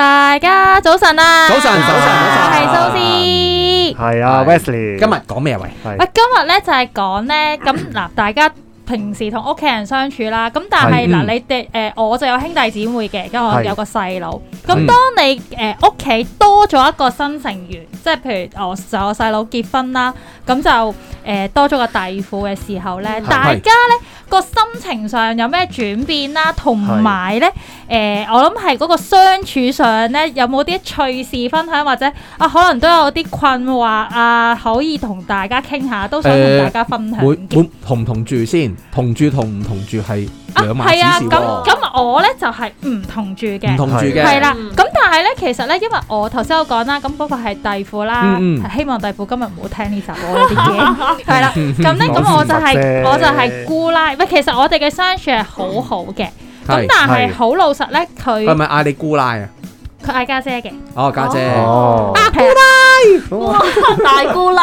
大家早晨啊！早晨，早晨，早晨，係蘇晨斯，係啊是，Wesley，今日講咩喂？喂、啊，今日咧就係講咧，咁嗱，大家。 平時同屋企人相處啦，咁但係嗱的、呃，你哋誒、呃、我就有兄弟姊妹嘅，跟住我有個細佬。咁的當你誒屋企多咗一個新成員，即係的譬如我就我細佬結婚啦，咁就誒多咗個弟婦嘅時候咧，大家咧個心情上有咩轉變啦，同埋咧誒，我諗係嗰個相處上咧，有冇啲趣事分享，或者啊，可能都有啲困惑啊，可以同大家傾下，都想同大家分享、呃。會唔會同唔同住先。同住，同唔同住係兩碼子事。咁咁，啊啊、我咧就係、是、唔同住嘅。唔同住嘅係啦。咁的但係咧，其實咧，因為我頭先我講啦，咁嗰個係弟父啦，嗯嗯，希望弟婦今日唔好聽 呢首我啲嘢。係啦。咁咧，咁我就係、是、我就係姑奶。喂，其實我哋嘅相處係好好嘅。咁、嗯、但係好老實咧，佢。佢係咪嗌你姑奶姐姐啊？佢嗌家姐嘅。哦，家姐。阿姑奶。哇！大姑乸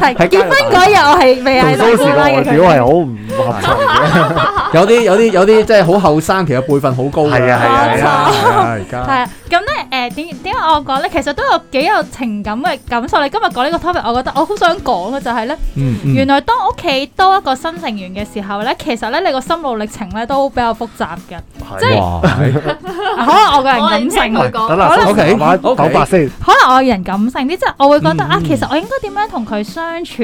係係結婚嗰日，我係未嗌大姑乸嘅佢表係好唔合群，有啲有啲有啲即係好後生，其實輩分好高係啊係啊而家係啊咁咧誒點點解我講咧？其實都有幾有情感嘅感受。你今日講呢個 topic，我覺得我好想講嘅就係咧，原來當屋企多一個新成員嘅時候咧，其實咧你個心路歷程咧都比較複雜嘅，即係可能我個人感情嚟講，可能九八四，可能我個人感。五成啲，即係我會覺得、嗯、啊，其實我應該點樣同佢相處，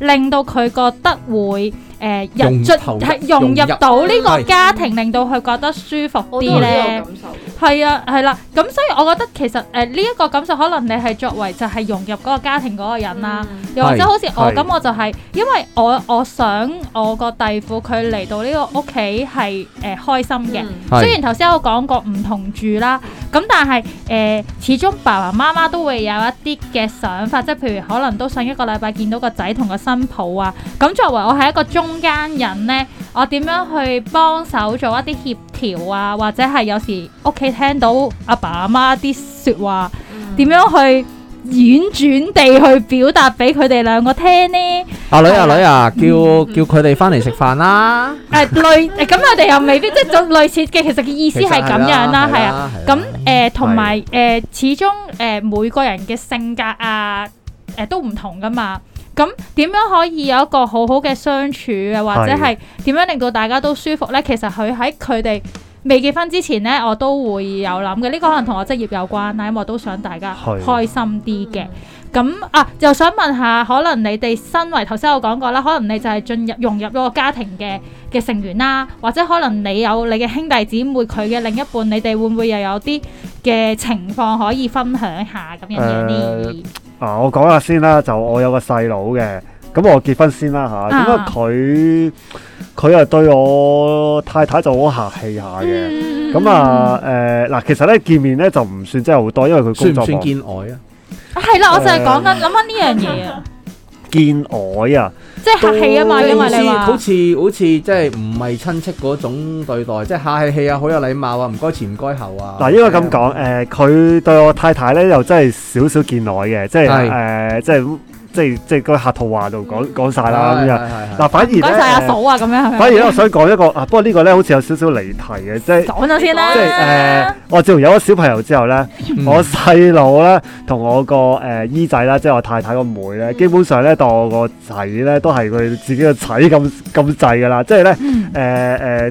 令到佢覺得會誒、呃、頭融入，係融入到呢個家庭，令到佢覺得舒服啲咧。係啊，係啦、啊，咁、啊、所以我覺得其實誒呢一個感受，可能你係作為就係融入嗰個家庭嗰個人啦，又、嗯、或者好似我咁，嗯、我，我就係、是、因為我我想我弟父個弟婦佢嚟到呢個屋企係誒開心嘅，嗯、是雖然頭先我講過唔同住啦。咁但係誒、呃，始終爸爸媽媽都會有一啲嘅想法，即係譬如可能都想一個禮拜見到個仔同個新抱啊。咁作為我係一個中間人呢，我點樣去幫手做一啲協調啊？或者係有時屋企聽到阿爸阿媽啲説話，mm hmm. 點樣去？婉轉地去表達俾佢哋兩個聽呢？阿女阿女啊，叫、嗯、叫佢哋翻嚟食飯啦。係類，咁 我哋又未必即係類似嘅，其實嘅意思係咁樣啦，係啊。咁誒同埋誒，始終誒、呃、每個人嘅性格啊誒、呃、都唔同噶嘛。咁點樣可以有一個好好嘅相處啊？或者係點樣令到大家都舒服呢？其實佢喺佢哋。未結婚之前呢，我都會有諗嘅。呢、呢個可能同我職業有關啦，因為我都想大家開心啲嘅。咁的啊，又想問下，可能你哋身為頭先我講過啦，可能你就係進入融入咗個家庭嘅嘅成員啦，或者可能你有你嘅兄弟姊妹，佢嘅另一半，你哋會唔會又有啲嘅情況可以分享下咁、呃、樣嘅呢？啊、呃，我講下先啦，就我有個細佬嘅。咁我結婚先啦嚇，點解佢佢啊對我太太就好客氣下嘅？咁啊誒嗱，其實咧見面咧就唔算真係好多，因為佢工作算唔算見外啊？係啦，我就係講緊諗緊呢樣嘢啊！見外啊，即係客氣啊嘛，因為你好似好似即係唔係親戚嗰種對待，即係客氣氣啊，好有禮貌啊，唔該前唔該後啊！嗱，應該咁講誒，佢對我太太咧又真係少少見外嘅，即係誒，即係。即係即係個客套話度講講曬啦咁樣。嗱，反而講曬阿嫂啊咁樣。反而我想講一個啊，不過呢個咧好似有少少離題嘅，即係講咗先啦。即係誒，我自從有咗小朋友之後咧，我細佬咧同我個誒姨仔啦，即係我太太個妹咧，基本上咧當我個仔咧都係佢自己嘅仔咁咁滯噶啦。即係咧誒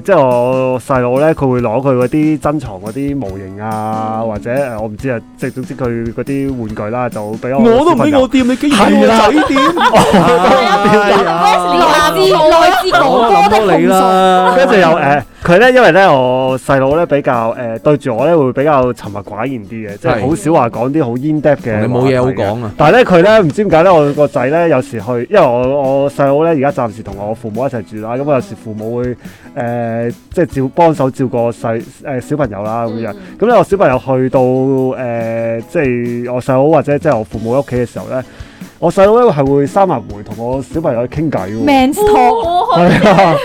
誒，即係我細佬咧，佢會攞佢嗰啲珍藏嗰啲模型啊，或者我唔知啊，即係總之佢嗰啲玩具啦，就俾我，我都唔俾我掂，你點知我諗到你啦。跟住又誒，佢咧，因為咧，我細佬咧比較誒對住我咧，會比較沉默寡言啲嘅，即係好少話講啲好 in depth 嘅。你冇嘢好講啊！但係咧，佢咧唔知點解咧，我個仔咧有時去，因為我我細佬咧而家暫時同我父母一齊住啦。咁啊，有時父母會誒即係照幫手照顧細誒小朋友啦咁樣。咁咧，我小朋友去到誒即係我細佬或者即係我父母屋企嘅時候咧。我細佬咧係會三廿回同我小朋友去傾偈喎，Man Talk 喎係啊！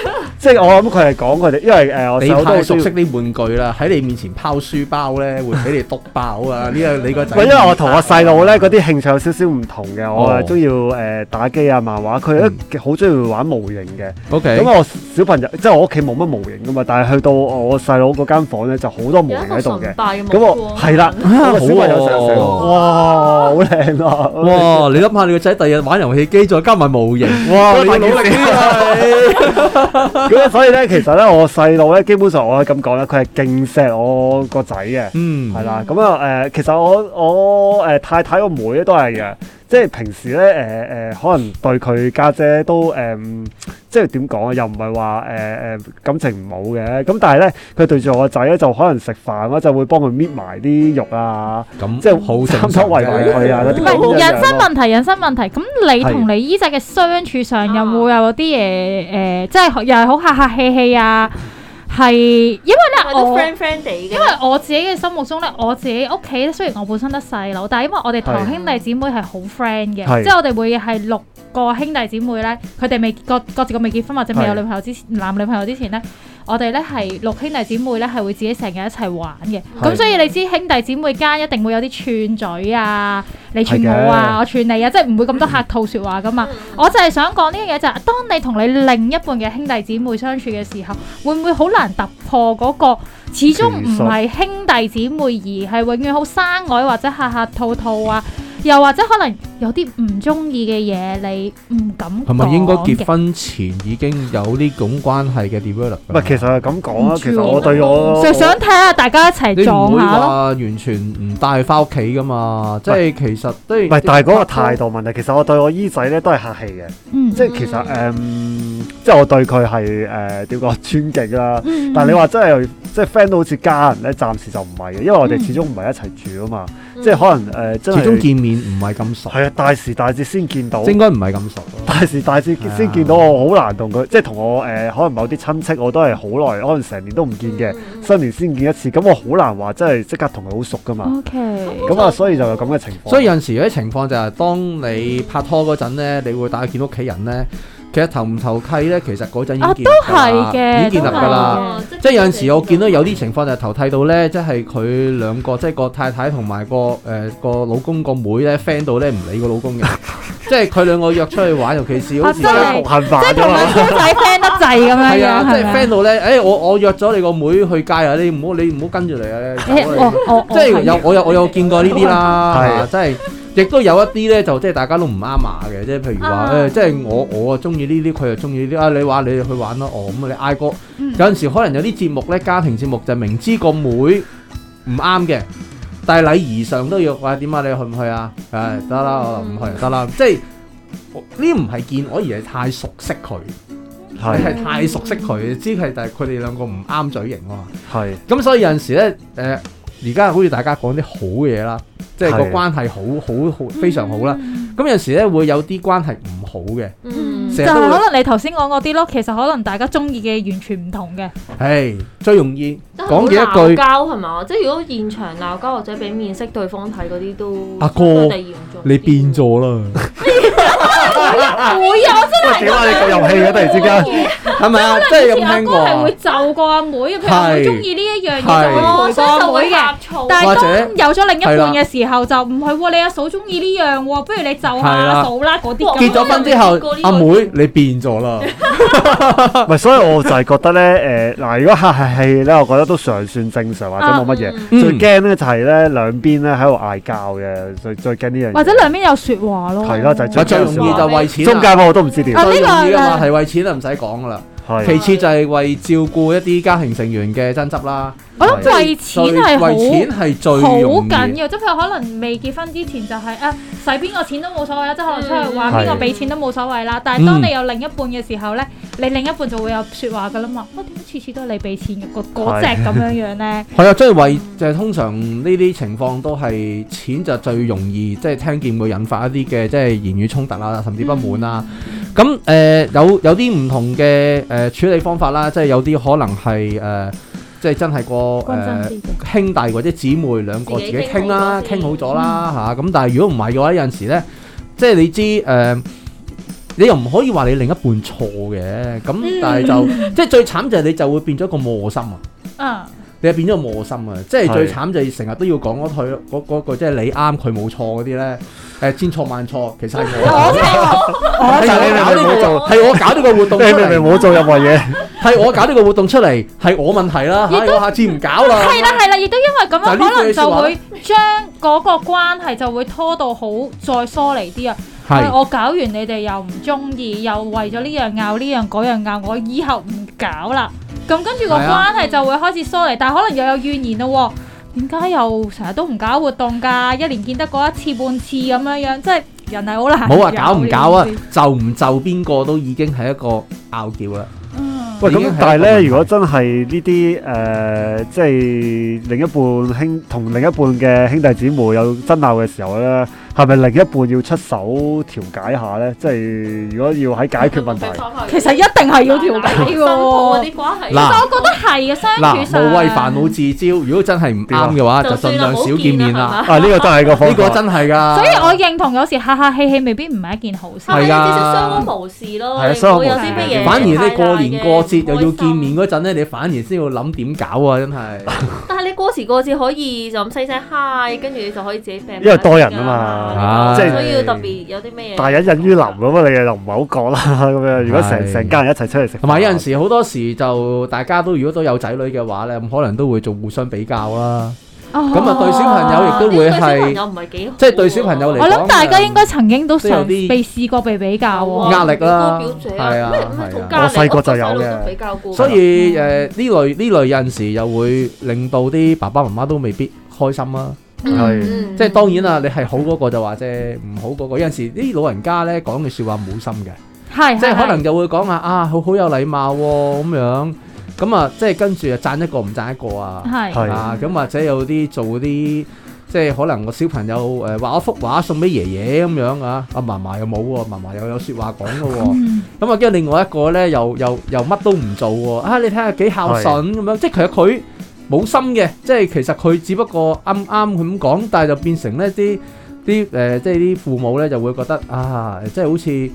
即係我諗佢係講佢哋，因為誒我有都熟悉啲玩具啦。喺你面前拋書包咧，會俾你篤爆啊！呢個你個仔，因為我同我細佬咧嗰啲興趣有少少唔同嘅，我係中意誒打機啊、漫畫。佢咧好中意玩模型嘅。O K。咁我小朋友即係我屋企冇乜模型㗎嘛，但係去到我細佬嗰間房咧就好多模型喺度嘅。有一個神祕嘅模。咁啊，係啦，嗰個小壞有成成，哇，好靚啊！哇，你諗下你個仔第日玩遊戲機再加埋模型，哇，你要努力啲啊！你。 所以咧，其實咧，我細佬咧，基本上我都咁講啦，佢係勁錫我個仔嘅，嗯，係啦，咁啊，誒，其實我我誒太太個妹咧，都係嘅。即係平時咧，誒、呃、誒、呃，可能對佢家姐，姐都誒、呃，即係點講啊？又唔係話誒誒感情唔好嘅，咁但係咧，佢對住我個仔咧就可能食飯啦，就會幫佢搣埋啲肉啊，嗯、即係好親親餵餵佢啊。唔係 些人生問題，人生問題。咁你同你姨仔嘅相處上有有，有冇有啲嘢誒？即係又係好客客氣氣啊？ 係，因為咧我哋都 friend friend 哋嘅。因為我自己嘅心目中咧，我自己屋企咧，雖然我本身得細佬，但係因為我哋堂兄弟姊妹係好 friend 嘅，是即係我哋會係六個兄弟姊妹咧，佢哋未各各自個未結婚或者未有女朋友之前，是男女朋友之前咧。我哋咧，係六兄弟姊妹咧，係會自己成日一齊玩嘅。咁的所以你知兄弟姊妹間一定會有啲串嘴啊，你串我啊，的我串你啊，即係唔會咁多客套說話噶嘛。 我就係想講呢樣嘢就係，當你同你另一半嘅兄弟姊妹相處嘅時候，會唔會好難突破嗰個始終唔係兄弟姊妹而係永遠好生外或者客客套套啊？又或者可能有啲唔中意嘅嘢，你唔敢講係咪？同埋應該結婚前已經有呢種關係嘅 develop。唔係，其實係咁講啊，其實我對我就想睇下大家一齊做。下完全唔帶翻屋企噶嘛，是即係其實都係。但係嗰個態度問題。嗯、其實我對我姨仔咧都係客氣嘅，嗯、即係其實誒。Um, 即係我對佢係誒點講尊敬啦，但係你話真係即係 friend 都好似家人咧，暫時就唔係嘅，因為我哋始終唔係一齊住啊嘛，嗯、即係可能誒、呃、始終見面唔係咁熟。係啊，大時大節先見到，應該唔係咁熟。大時大節先見到我，哎、呀 我好難同佢即係同我誒、呃，可能某啲親戚我都係好耐，可能成年都唔見嘅，嗯、新年先見一次，咁我好難話真係即刻同佢好熟噶嘛。OK，咁啊，所以就有咁嘅情況。所以有陣時有啲情況就係、是、當你拍拖嗰陣咧，你會帶佢見屋企人咧。其實頭唔頭替咧，其實嗰陣已經建立嘅，已經建立噶啦。即係有陣時我見到有啲情況就投替到咧，即係佢兩個即係個太太同埋個誒個老公個妹咧 friend 到咧，唔理個老公嘅。即係佢兩個約出去玩，尤其是好似獨行化咗啦。即係女仔 friend 得制咁樣。係啊，即係 friend 到咧，誒我我約咗你個妹去街啊，你唔好你唔好跟住嚟啊。即係有我有我有見過呢啲啦，係即係。亦都有一啲咧，就即、是、係大家都唔啱牙嘅，即係譬如話誒，即係、啊欸就是、我我啊中意呢啲，佢又中意呢啲啊，你玩你去玩咯哦，咁啊你嗌哥、嗯、有陣時可能有啲節目咧，家庭節目就明知個妹唔啱嘅，但係禮儀上都要話點啊，啊，你去唔去啊？誒、嗯哎，得啦，我唔去得啦，嗯、即係呢唔係見我而係太熟悉佢，係、嗯、是太熟悉佢，知係但係佢哋兩個唔啱嘴型啊，係，咁所以有陣時咧誒。呃呃而家好似大家講啲好嘢啦，即係個關係好好好非常好啦。咁、嗯、有時咧會有啲關係唔好嘅，嗯、就可能你頭先講嗰啲咯。其實可能大家中意嘅完全唔同嘅，係最容易講嘢一句鬧交係嘛？即係如果現場鬧交或者俾面色對方睇嗰啲都，阿、啊、哥你變咗啦。 會啊！我真係咁樣。你個遊戲嘅突然之間，係咪啊？即係咁聽過。阿哥係會就過阿妹，佢好中意呢一樣嘢咯，所以就嘅。但係當有咗另一半嘅時候，就唔係喎。你阿嫂中意呢樣喎，不如你就下嫂啦嗰啲。結咗婚之後，阿妹你變咗啦。唔係，所以我就係覺得咧，誒嗱，如果客氣咧，我覺得都尚算正常，或者冇乜嘢。最驚咧就係咧，兩邊咧喺度嗌交嘅，最最驚呢樣嘢。或者兩邊有説話咯。係啦，就最最容易就為錢。點解我都唔知點點？呢、啊啊這個話、啊、題為錢啊，唔使講噶啦。其次就係為照顧一啲家庭成員嘅爭執啦。我諗為錢係，為錢係最好緊要。即係佢可能未結婚之前就係啊，使邊個錢都冇所謂啦。即係可能出去玩邊個俾錢都冇所謂啦。但係當你有另一半嘅時候呢，你另一半就會有説話噶啦嘛。我點解次次都係你俾錢個嗰隻咁樣樣呢？係啊，即係為就係通常呢啲情況都係錢就最容易即係聽見會引發一啲嘅即係言語衝突啊，甚至不滿啊。咁誒、呃、有有啲唔同嘅誒、呃、處理方法啦，即係有啲可能係誒、呃，即係真係個誒、呃、兄弟或者姊妹兩個自己傾啦，傾好咗啦嚇。咁、啊、但係如果唔係嘅話，有陣時咧，即係你知誒、呃，你又唔可以話你另一半錯嘅。咁但係就即係、嗯、最慘就係你就會變咗個磨心啊！嗯。你又變咗個磨心啊！即係最慘就係成日都要講嗰句嗰嗰句，即係你啱佢冇錯嗰啲咧。誒千錯萬錯，其實係我錯，係你搞呢個做，係我搞呢個活動出嚟，我做任何嘢，係我搞呢個活動出嚟，係我問題啦。我下次唔搞啦。係啦係啦，亦都因為咁樣，可能就會將嗰個關係就會拖到好再疏離啲啊！我搞完你哋又唔中意，又為咗呢樣拗呢樣嗰樣拗，我以後唔搞啦。咁跟住個關係就會開始疏離，啊、但係可能又有怨言咯。點解又成日都唔搞活動㗎？一年見得過一次半次咁樣樣，即係人係好難。冇話、啊、搞唔搞啊？就唔就邊個都已經係一個拗撬啦。嗯。喂，咁但係咧，如果真係呢啲誒，即、呃、係、就是、另一半兄同另一半嘅兄弟姊妹有爭拗嘅時候咧。係咪另一半要出手調解下咧？即係如果要喺解決問題，其實一定係要調解喎。其實，我覺得係嘅。相處上，無謂煩惱自招。如果真係唔啱嘅話，就儘量少見面啦。呢個都係個呢個真係噶。所以我認同有時客客氣氣未必唔係一件好事，係啊，相安無事咯。係啊，相安無事。反而你過年過節又要見面嗰陣咧，你反而先要諗點搞啊！真係。但係你過時過節可以就咁細聲嗨，跟住你就可以自己病。因為多人啊嘛。即係所以要特別有啲咩嘢？大隱隱於林咁啊！你又唔係好講啦咁樣。如果成成家人一齊出嚟食，同埋有陣時好多時就大家都如果都有仔女嘅話咧，咁可能都會做互相比較啦。咁啊，對小朋友亦都會係，即係對小朋友嚟講，我諗大家應該曾經都曾被試過被比較，壓力啦，係啊，我細個就有嘅，所以誒呢類呢類有陣時又會令到啲爸爸媽媽都未必開心啦。係，即係當然啦，你係好嗰個就話啫，唔好嗰個有陣時啲老人家咧講嘅說話冇心嘅，即係 可能就會講話啊，好好有禮貌咁、哦、樣，咁啊即係跟住啊讚一個唔讚一個啊， 啊咁或者有啲做啲即係可能個小朋友誒畫一幅畫送俾爺爺咁樣啊，阿嫲嫲又冇、啊，嫲嫲又有說話講噶、哦，咁啊跟住另外一個咧又又又乜都唔做、哦、啊，你睇下幾孝順咁樣，即係其實佢。冇心嘅，即係其實佢只不過啱啱咁講，但係就變成咧啲啲誒，即係啲父母咧就會覺得啊，即係好似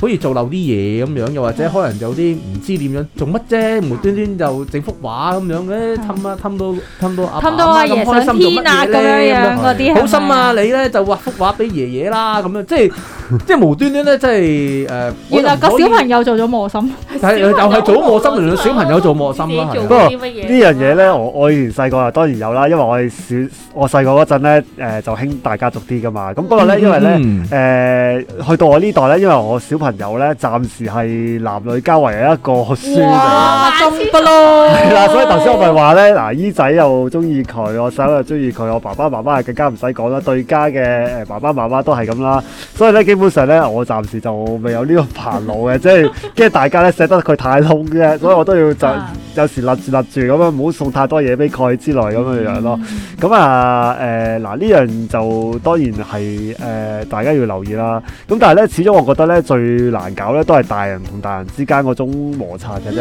好似做漏啲嘢咁樣，又或者可能有啲唔知點樣做乜啫，無端端就整幅畫咁樣嘅，氹啊氹到氹到，到阿爺咁開心、啊、做乜嘢咧？好心啊！是是你咧就畫幅畫俾爺爺啦，咁樣即係。 即係無端端咧，即係誒，原來個小朋友做咗磨心，但係 朋友 又係做磨心，小朋友做磨心啦。不，做的不過呢樣嘢咧，我我以前細個啊，當然有啦，因為我係小，我細個嗰陣咧，誒、呃、就興大家族啲噶嘛。咁、嗯、不過咧，因為咧，誒去、嗯呃、到我代呢代咧，因為我小朋友咧，暫時係男女交為有一個書嚟嘅，係啦，所以頭先我咪話咧，嗱，姨仔又中意佢，我仔又中意佢，我爸爸媽媽係更加唔使講啦，對家嘅誒爸爸媽媽都係咁啦。所以咧，基本上咧，我暫時就未有呢個煩惱嘅，即係驚大家咧錫得佢太兇嘅，所以我都要就。啊有時立住立住咁樣，唔好送太多嘢俾佢之類咁嘅樣咯。咁、mm hmm. 啊，誒嗱呢樣就當然係誒、呃、大家要留意啦。咁但係咧，始終我覺得咧最難搞咧都係大人同大人之間嗰種摩擦嘅啫，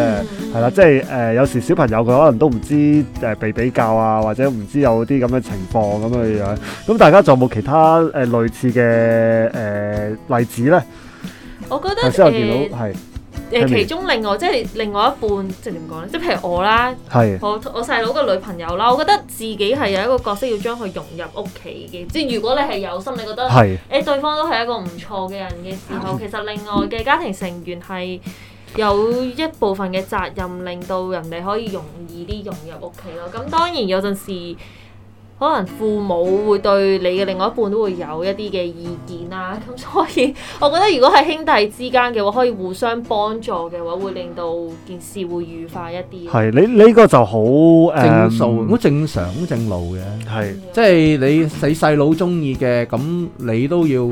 係啦、mm hmm. 即係誒、呃、有時小朋友佢可能都唔知誒被比較啊，或者唔知有啲咁嘅情況咁嘅樣，樣。咁、mm hmm. 大家仲有冇其他誒類似嘅誒、呃、例子咧？我覺得頭先我見到係嘅。誒，其中另外即係另外一半，即係點講咧？即係譬如我啦，是我我細佬嘅女朋友啦，我覺得自己係有一個角色要將佢融入屋企嘅。即係如果你係有心，你覺得誒是、欸、對方都係一個唔錯嘅人嘅時候，是其實另外嘅家庭成員係有一部分嘅責任，令到人哋可以容易啲融入屋企咯。咁當然有陣時。可能父母會對你嘅另外一半都會有一啲嘅意見啦，咁所以我覺得如果係兄弟之間嘅話，可以互相幫助嘅話，會令到件事會愉快一啲。係你呢個就好正數，好正常，好正路嘅，係即係你死細佬中意嘅，咁你都要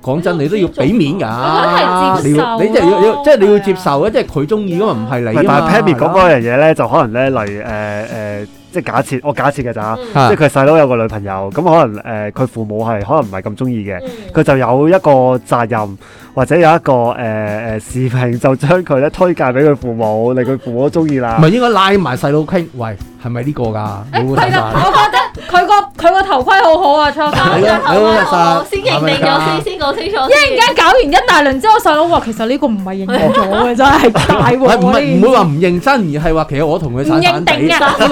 講真，你都要俾面㗎，你要你即係要即係你要接受啊！即係佢中意，因為唔係你。但係 Pammy 講嗰樣嘢咧，就可能咧，例如誒誒。即係假設，我假設嘅咋，嗯、即係佢細佬有個女朋友咁，呃，可能誒佢父母係可能唔係咁中意嘅，佢、嗯、就有一個責任。或者有一個誒誒視頻，就將佢咧推介俾佢父母，令佢父母中意啦。唔係應該拉埋細佬傾，喂，係咪呢個㗎？係㗎，我覺得佢個佢個頭盔好好啊，初生頭盔我先認定咗先，先講清楚。一陣間搞完一大輪之後，細佬話其實呢個唔係認咗嘅。真係大鑊嚟。唔係唔會話唔認真，而係話其實我同佢散散地、散散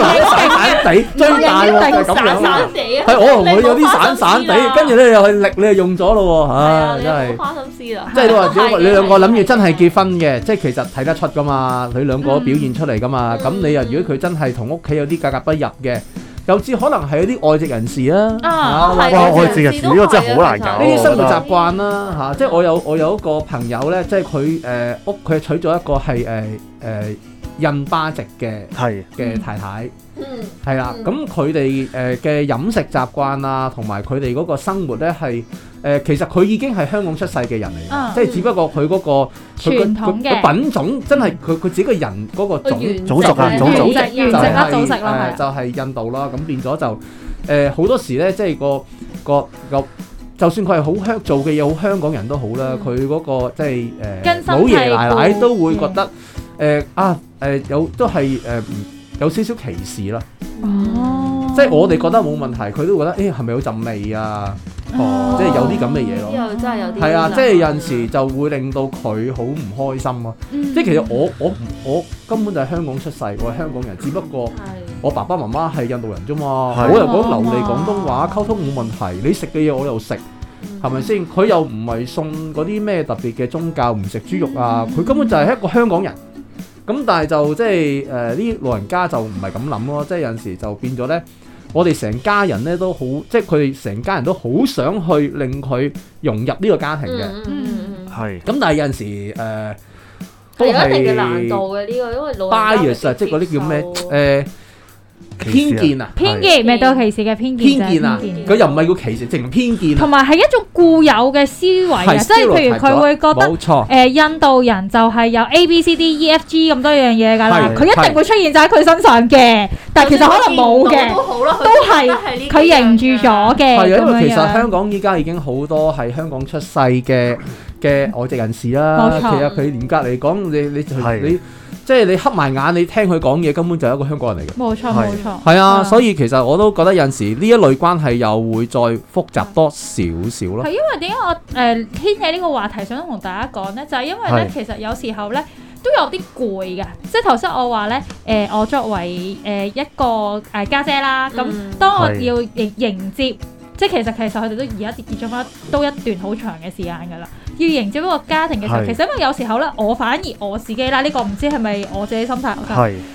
地、堆大鑊咁樣。係我會有啲散散地，跟住咧又去力你用咗咯喎，唉，真係花心思啦～即係你話，你兩個諗住真係結婚嘅，即係其實睇得出噶嘛，佢兩個表現出嚟噶嘛。咁你又如果佢真係同屋企有啲格格不入嘅，又至可能係一啲外籍人士啊，啊或者外籍人士呢個真係好難搞。呢啲生活習慣啦，嚇，即係我有我有一個朋友咧，即係佢誒屋企娶咗一個係誒誒印巴籍嘅，係嘅太太，嗯，係啦。咁佢哋誒嘅飲食習慣啊，同埋佢哋嗰個生活咧係。誒，其實佢已經係香港出世嘅人嚟嘅，即係只不過佢嗰個傳統嘅品種，真係佢佢自己個人嗰個種族啊，就係印度啦。咁變咗就誒，好多時咧，即係個個個，就算佢係好香做嘅嘢，好香港人都好啦，佢嗰個即係誒，老爺奶奶都會覺得誒啊，誒有都係誒有少少歧視啦。哦，即係我哋覺得冇問題，佢都覺得誒係咪有陣味啊？哦，即係有啲咁嘅嘢咯，真係有啲，係啊，即係有陣時就會令到佢好唔開心啊！嗯、即係其實我我我根本就係香港出世，我係香港人，只不過我爸爸媽媽係印度人咋嘛，嗎我又講流利廣東話，溝通冇問題。你食嘅嘢我又食，係咪先？佢又唔係送嗰啲咩特別嘅宗教，唔食豬肉啊！佢、嗯、哼根本就係一個香港人，咁但係就即係誒啲老人家就唔係咁諗咯，即係有陣時就變咗咧。我哋成家人咧都好，即係佢哋成家人都好想去令佢融入呢個家庭嘅，係。咁但係有陣時，誒、呃，都係。有一定嘅難度嘅呢、這個，因為老人有啲 bias, 接受。偏見啊！偏見，未到歧視嘅偏見。偏見啊！佢又唔係叫歧視，淨偏見。同埋係一種固有嘅思維，即係譬如佢會覺得冇錯，誒、印度人就係有 A B C D E F G 咁多樣嘢㗎啦，佢一定會出現就喺佢身上嘅，但係其實可能冇嘅，都係佢認住咗嘅。係因為其實香港依家已經好多係香港出世嘅嘅外籍人士啦。其實佢嚴格嚟講，你你你。即係你黑埋眼，你聽佢講嘢根本就係一個香港人嚟嘅。冇錯，冇錯。係啊，所以其實我都覺得有陣時呢一類關係又會再複雜多少少咯。係因為點解我誒牽起呢個話題想同大家講呢，就係因為呢其實有時候呢都有啲攰嘅。即係頭先我話呢誒，我作為誒一個誒家姐啦，咁當我要迎迎接。即係其實其實佢哋都而家結咗翻都一段好長嘅時間㗎啦，要迎接一個家庭嘅時候，是其實因為有時候咧，我反而我自己啦，呢、這個唔知係咪我自己心態，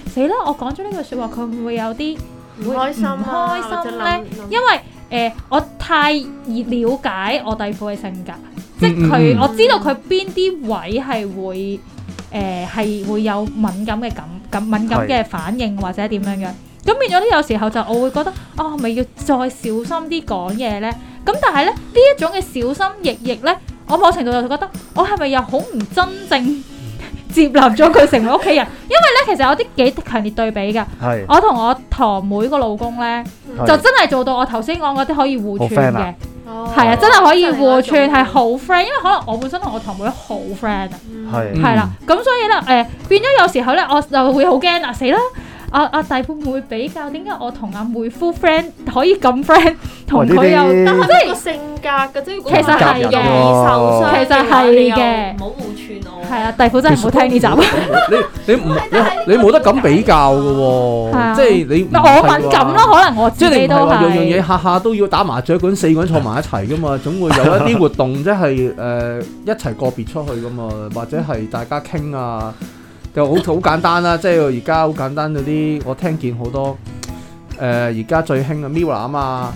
死啦是！我講咗呢句説話，佢會唔會有啲唔開，開心啊？就諗諗，因為誒、呃，我太了解我弟夫嘅性格，嗯嗯嗯即係佢，我知道佢邊啲位係會誒係、呃、會有敏感嘅感感敏感嘅反應或者點樣嘅。咁變咗咧，有時候就我會覺得，哦，係咪要再小心啲講嘢呢？咁但係咧，呢一種嘅小心翼翼呢，我某程度就覺得，我係咪又好唔真正接納咗佢成為屋企人？ 因為呢，其實有啲幾強烈對比㗎，是我同我堂妹個老公呢，是就真係做到我頭先講嗰啲可以互串嘅，係啊，啊，真係可以互串，係好 friend，因為可能我本身同我堂妹好 friend，係啦，咁、嗯是啊、所以呢，誒、呃、變咗有時候呢，我就會好驚啊，死啦！阿阿弟夫唔會比較點解我同阿妹夫 friend 可以咁 friend，同佢又，但係即係個性格嘅啫。其實係嘅，其實係嘅。唔好互串我。係啊，弟夫真係唔好聽呢集。你你唔你冇得咁比較嘅喎，即係你。嗱，我係咁咯，可能我自己都係。即係你唔係話樣樣嘢下下都要打麻雀，咁四個人坐埋一齊嘅嘛，總會有一啲活動，即係誒一齊個別出去嘅嘛，或者係大家傾啊。就好好簡單啦，即係而家好簡單嗰啲，我聽見好多誒，而家最興嘅 Mirror 啊嘛，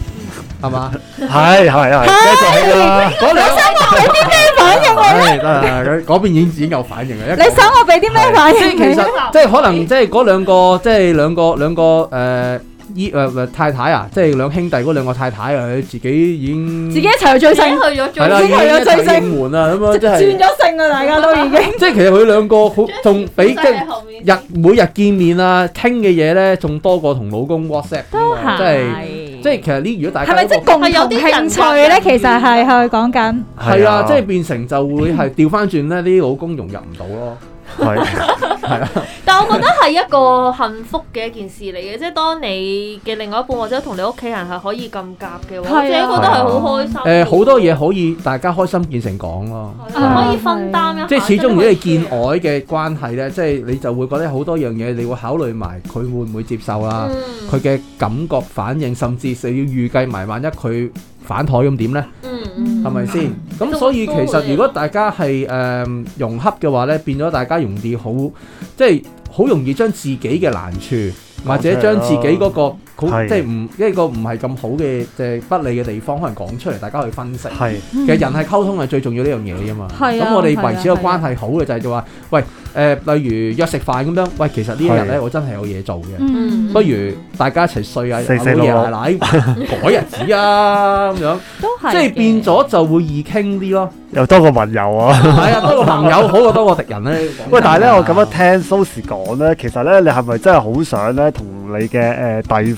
係嘛 吧？係係係。係。你想我俾啲咩反應我咧？嗰邊已已經有反應啦。是你想我俾啲咩反應？其實，即係可能，即係嗰兩個，即係兩個兩個誒。呃誒太太啊，即係兩兄弟嗰兩個太太啊，佢自己已經自己一齊去追星，係啦，去咗星門啊，咁樣即係轉咗性啊，大家都已經即係其實佢兩個好仲是比即是日每日見面啊，傾嘅嘢咧仲多過同老公 WhatsApp，是即係即係其實呢，如果大家係咪即係共同興趣咧？其實係去講緊係啊，啊嗯、即係變成就會係調翻轉咧，啲老公融入唔到咯。係，係啦。但我覺得係一個幸福嘅一件事嚟嘅，即係當你嘅另外一半或者同你屋企人係可以咁夾嘅話，即係一個都係好開心。誒、嗯、好、呃、多嘢可以大家開心變成講咯，可以分擔。即係始終如果你見外嘅關係咧，即係你就會覺得好多樣嘢，你會考慮埋佢會唔會接受啦，佢嘅、嗯、感覺反應，甚至你要預計埋萬一佢。反台咁點呢？嗯嗯，係咪先？咁、嗯、都所以都其實如果大家係誒、呃、融洽嘅話呢，變咗大家容易好，即係好容易將自己嘅難處 Okay. 或者將自己嗰、那個。即係唔一個唔係咁好嘅即係不利嘅地方，可能講出嚟，大家去分析。係其實人係溝通係最重要呢樣嘢嘅嘛。咁，我哋維持個關係好嘅就係話，喂誒，例如約食飯咁樣。喂，其實呢一日咧，我真係有嘢做嘅。不如大家一齊睡啊，冇嘢啊，嗱改日子啊咁樣。都係即係變咗就會易傾啲咯。又多個朋友啊，係啊，多個朋友好過多個敵人咧。喂，但係咧，我咁樣聽蘇士講咧，其實咧，你係咪真係好想咧同你嘅誒弟？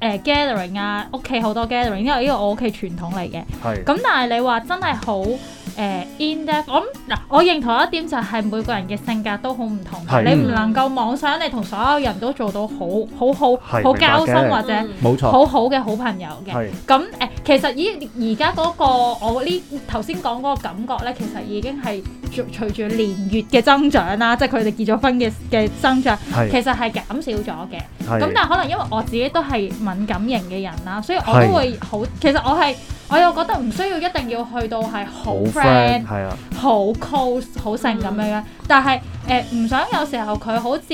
誒、uh, gathering 啊，屋企好多 gathering，因為呢個我屋企傳統嚟嘅。係的。咁但係你話真係好誒、uh, in depth，我嗱，我認同一點就係每個人嘅性格都好唔同，的你唔能夠妄想你同所有人都做到好好好好的交心或者冇、嗯、錯好好嘅好朋友嘅。咁誒的。其實依而家嗰個我呢頭先講嗰個感覺咧，其實已經係隨住年月嘅增長啦，即係佢哋結咗婚嘅嘅增長，是其實係減少咗嘅。咁是但係可能因為我自己都係敏感型嘅人啦，所以我都會好。是其實我係我又覺得唔需要一定要去到係好 friend、啊、好 close、好剩咁樣。嗯、但係誒唔想有時候佢好似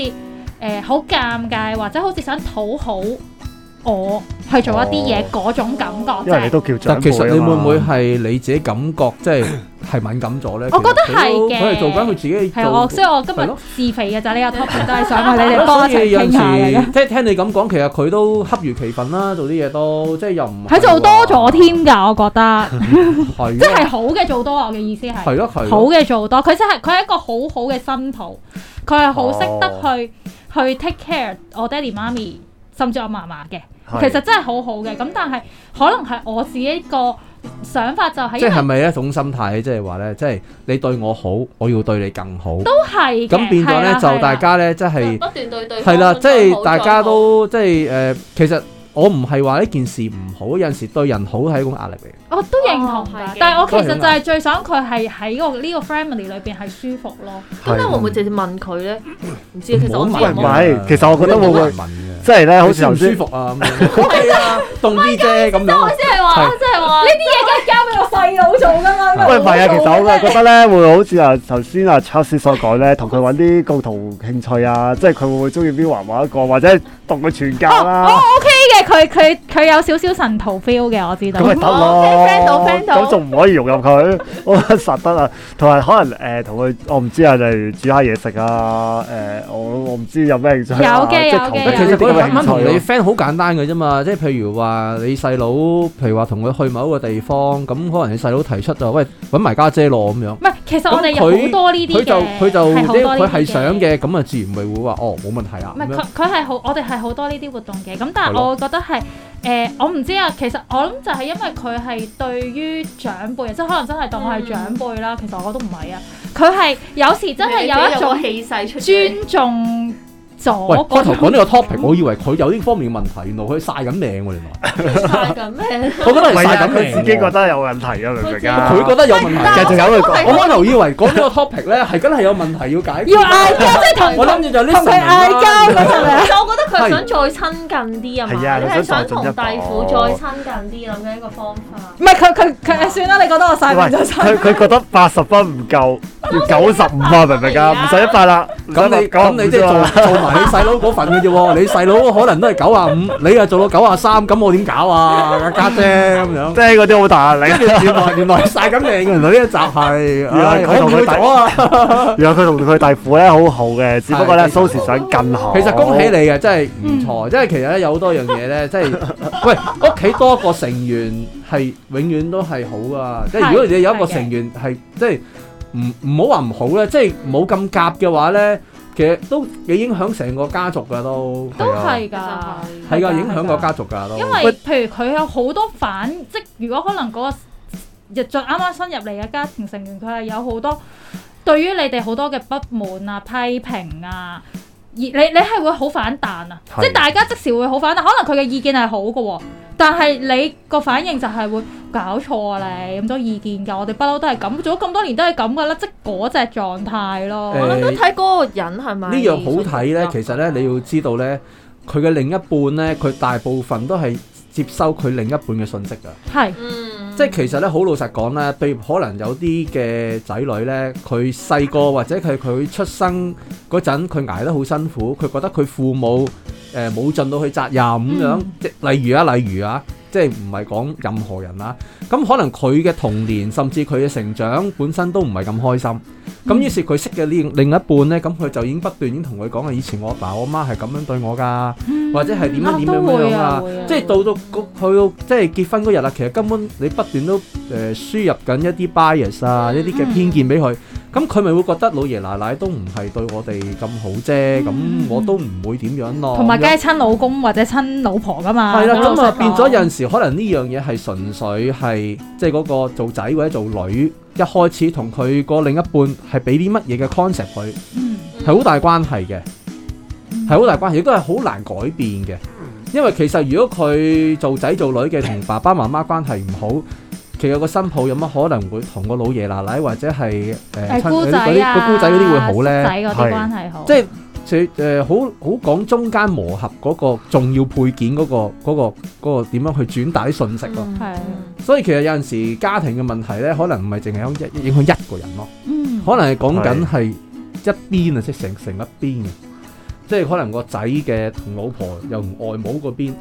誒好尷尬，或者好似想討好，我去做一啲嘢嗰種感覺啫。因為你都叫做，其實你會唔會係你自己感覺，即係係敏感咗咧？我覺得係嘅。佢係做緊佢自己嘅意思，所以我今日自肥嘅就呢個 topic，就係想係你哋多啲傾下嘅。聽聽你咁講，其實佢都恰如其分啦，做啲嘢都，即係又唔。佢做多咗添㗎，我覺得。係。即係好嘅做多，我嘅意思係。係咯，係。好嘅做多，佢真係佢係一個好好嘅新抱，佢係好識得去去 take care 我爹哋媽咪，甚至我嫲嫲嘅。其實真係好好嘅，咁但係可能係我自己一個想法就係即係咪一種心態，即係話呢，即係你對我好，我要對你更好，都係咁變咗呢，就大家呢，即係不斷係啦，即係大家都即係誒，其實。我唔係話呢件事唔好，有陣時對人好係一種壓力嚟。我都認同係，但係我其實就係最想佢係喺個呢個 family 裏邊係舒服咯。咁我會唔會直接問佢咧？唔知其實我唔會唔係，其實我覺得冇會，即係咧，好似頭舒服啊，凍啲啫咁樣。我先係話，真係話呢啲嘢交俾個細佬做㗎嘛。喂，唔係啊，其實我係覺得咧，會好似啊頭先啊卓 h 所講咧，同佢揾啲共同興趣啊，即係佢會唔會中意邊畫畫一個，或者動佢全家啦。哦，OK 嘅。佢佢佢有少少神途 feel 嘅，我知道。咁咪得咯。咁仲唔可以融入佢？我實得啊，同埋可能誒同佢我唔知啊，就係煮下嘢食啊誒，我我唔知有咩嘢。有嘅有嘅。其實同你 friend 好簡單嘅啫嘛，即係譬如話你細佬，譬如話同佢去某一個地方，咁可能你細佬提出就喂揾埋家姐咯咁樣。唔係，其實我哋好多呢啲佢就佢就佢係想嘅，咁啊自然咪會話哦冇問題啊。唔係佢佢係好，我哋係好多呢啲活動嘅。咁但係我覺得。真係，誒，我唔知啊。其實我諗就係因為佢係對於長輩，即係可能真係當我係長輩啦。其實我都唔係啊。佢係有時真係有一座氣勢，尊重咗。喂，我頭講呢個 topic，我以為佢有呢方面嘅問題，原來佢晒緊命。原來晒緊命，我覺得係晒緊。佢自己覺得有問題啊，梁靜嘉。佢覺得有問題，仲有佢講。我開頭以為講呢個 topic 咧，係真係有問題要解決，要嗌交即係同我諗住就同佢嗌交想再親近啲啊嘛，係想同弟婦再親近啲，咁樣一個方法。唔係佢佢佢誒算啦，你覺得我曬唔佢佢覺得八十分唔夠，要九十五啊，明唔明啊？唔使一百啦。咁你咁你即做做埋你細佬嗰份嘅啫喎，你細佬可能都係九啊五，你又做到九啊三，咁我點搞啊？家姐咁樣。即係個啲好大壓力啊！你原來曬咁你嘅，原來呢一集係。原來佢同佢弟，原來佢同佢弟婦咧好好嘅，只不過咧蘇氏想更好。其實恭喜你嘅，真係～唔錯，嗯、即係其實咧有好多樣嘢咧， 即係喂屋企多個成員係永遠都係好啊！的即係如果你哋有一個成員係即係唔唔好話唔好咧，即係冇咁夾嘅話咧，其實都幾影響成個家族㗎都。都係㗎，係㗎的，影響個家族㗎都。因為譬如佢有好多反，即如果可能嗰個入咗啱啱新入嚟嘅家庭成員，佢係有好多對於你哋好多嘅不滿啊、批評啊。你你係會好反彈啊！的即係大家即時會好反彈，可能佢嘅意見係好嘅、啊，但係你個反應就係會搞錯啊你！你咁多意見㗎，我哋不嬲都係咁，做咗咁多年都係咁㗎啦，即係嗰隻狀態咯。欸、我諗都睇嗰個人係咪？呢樣好睇咧，其實咧你要知道咧，佢嘅另一半咧，佢大部分都係接收佢另一半嘅信息㗎。係的。嗯即係其實咧，好老實講咧，譬如可能有啲嘅仔女咧，佢細個或者係佢出生嗰陣，佢捱得好辛苦，佢覺得佢父母誒冇、呃、盡到佢責任咁樣、嗯，即例如啊，例如啊。即係唔係講任何人啦，咁可能佢嘅童年甚至佢嘅成長本身都唔係咁開心，咁於是佢識嘅呢另一半呢，咁佢就已經不斷已經同佢講啊，以前我阿爸，爸我阿媽係咁樣對我㗎，或者係點樣點樣咩樣啊，樣的即係到到個到即係結婚嗰日啊，其實根本你不斷都誒輸入緊一啲 bias 啊，嗯、一啲嘅偏見俾佢。嗯咁佢咪會覺得老爺奶奶都唔係對我哋咁好啫？咁、嗯、我都唔會點樣咯。同埋梗係親老公或者親老婆噶嘛。係啦的，咁啊變咗有陣時，可能呢樣嘢係純粹係即係嗰個做仔或者做女一開始同佢個另一半係俾啲乜嘢嘅 concept 佢，係好、嗯、大關係嘅，係好、嗯、大關係，亦都係好難改變嘅。因為其實如果佢做仔做女嘅同爸爸媽媽關係唔好。其實個新抱有乜可能會同個老爺奶奶或者係誒親戚嗰啲個姑仔嗰啲會好咧？仔啲關係好即係佢誒，好好講中間磨合嗰個重要配件嗰個嗰個嗰個點樣去轉達啲信息咯。係，所以其實有陣時家庭嘅問題咧，可能唔係淨係影影響一個人咯。嗯，可能係講緊係一邊啊，即係成成一邊嘅，即係可能個仔嘅同老婆又外母嗰邊，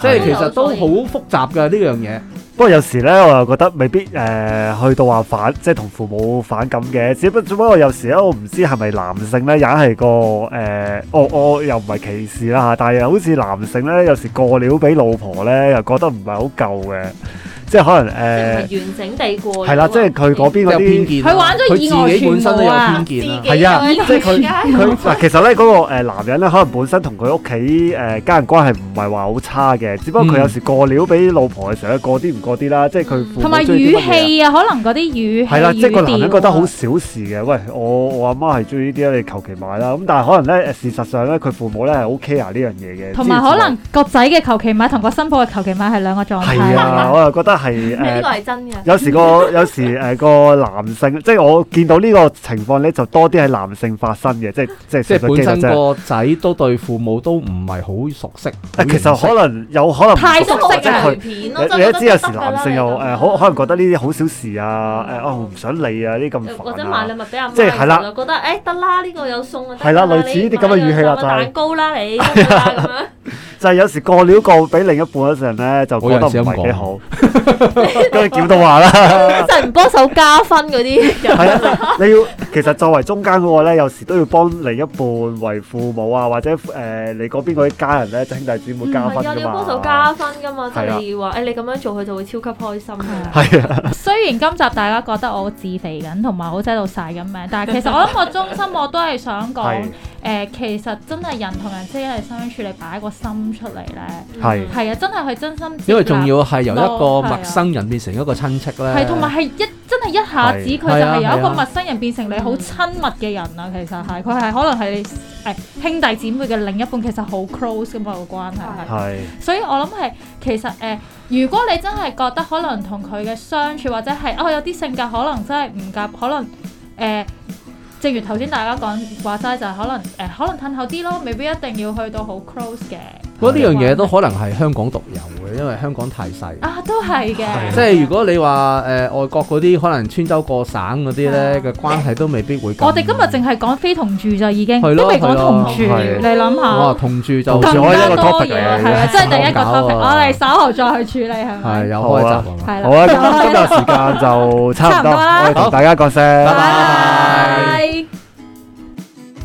即係其實都好複雜噶呢樣嘢。不過有時咧，我又覺得未必誒、呃、去到話反，即係同父母反感嘅。只不，只不過有時咧，我唔知係咪男性咧也係個誒，我、呃、我、哦哦、又唔係歧視啦吓。但係又好似男性咧，有時過料俾老婆咧，又覺得唔係好夠嘅。即係可能誒，完整地過。係啦，即係佢嗰邊嗰啲，佢玩咗意外全部啊，係啊，即係佢佢嗱，其實咧嗰個男人咧，可能本身同佢屋企誒家人關係唔係話好差嘅，只不過佢有時過料俾老婆嘅時候咧過啲唔過啲啦，即係佢同埋語氣啊，可能嗰啲語氣係啦，即係個男人覺得好小事嘅，喂，我我阿媽係中意呢啲，你求其買啦。咁但係可能咧，事實上咧，佢父母咧係 OK 啊呢樣嘢嘅，同埋可能個仔嘅求其買同個新抱嘅求其買係兩個狀態。係啊，我又覺得。係，呢個係真嘅，有時個有時誒個男性，即係我見到呢個情況咧，就多啲係男性發生嘅，即係即係本身個仔都對父母都唔係好熟悉。其實可能有可能太熟悉嘅片咯，你都知有時男性又誒，可可能覺得呢啲好小事啊，誒，我唔想理啊，呢咁，啲咁煩啊，即係得啦，呢個有送啊，係啦，類似呢啲咁嘅語氣啦，就係有時過料過俾另一半嗰陣咧，就覺得唔係幾好。都係檢討下啦，就係唔幫手加分嗰啲。係啊，你要其實作為中間嗰個咧，有時都要幫另一半，為父母啊，或者誒你嗰邊嗰啲家人咧，即係兄弟姊妹加分有你要幫手加分噶嘛，即係例如話，誒你咁樣做，佢就會超級開心嘅。係啊，雖然今集大家覺得我自肥緊，同埋我仔度晒咁樣，但係其實我諗我中心我都係想講。誒、呃，其實真係人同人之間相處，你擺個心出嚟咧，係係啊，真係係真心。因為仲要係由一個陌生人變成一個親戚咧，係同埋係一真係一下子佢的就係由一個陌生人變成你好親密嘅人啊！嗯、其實係佢係可能係你誒、哎、兄弟姊妹嘅另一半，其實好 close 咁嘛個關係係。的的所以我，我諗係其實誒、呃，如果你真係覺得可能同佢嘅相處或者係哦有啲性格可能真係唔夾，可能誒。正如頭先大家講話曬，就係可能誒，可能退後啲咯，未必一定要去到好 close 嘅。不過呢樣嘢都可能係香港獨有嘅，因為香港太細。啊，都係嘅。即係如果你話誒外國嗰啲，可能川州過省嗰啲咧嘅關係，都未必會。我哋今日淨係講非同住就已經，都未講同住。你諗下，同住就更加多嘢，係即係第一個 topic。我哋稍後再去處理，係咪？係，有好啦，好啊，今日時間就差唔多，可以同大家講聲，拜拜。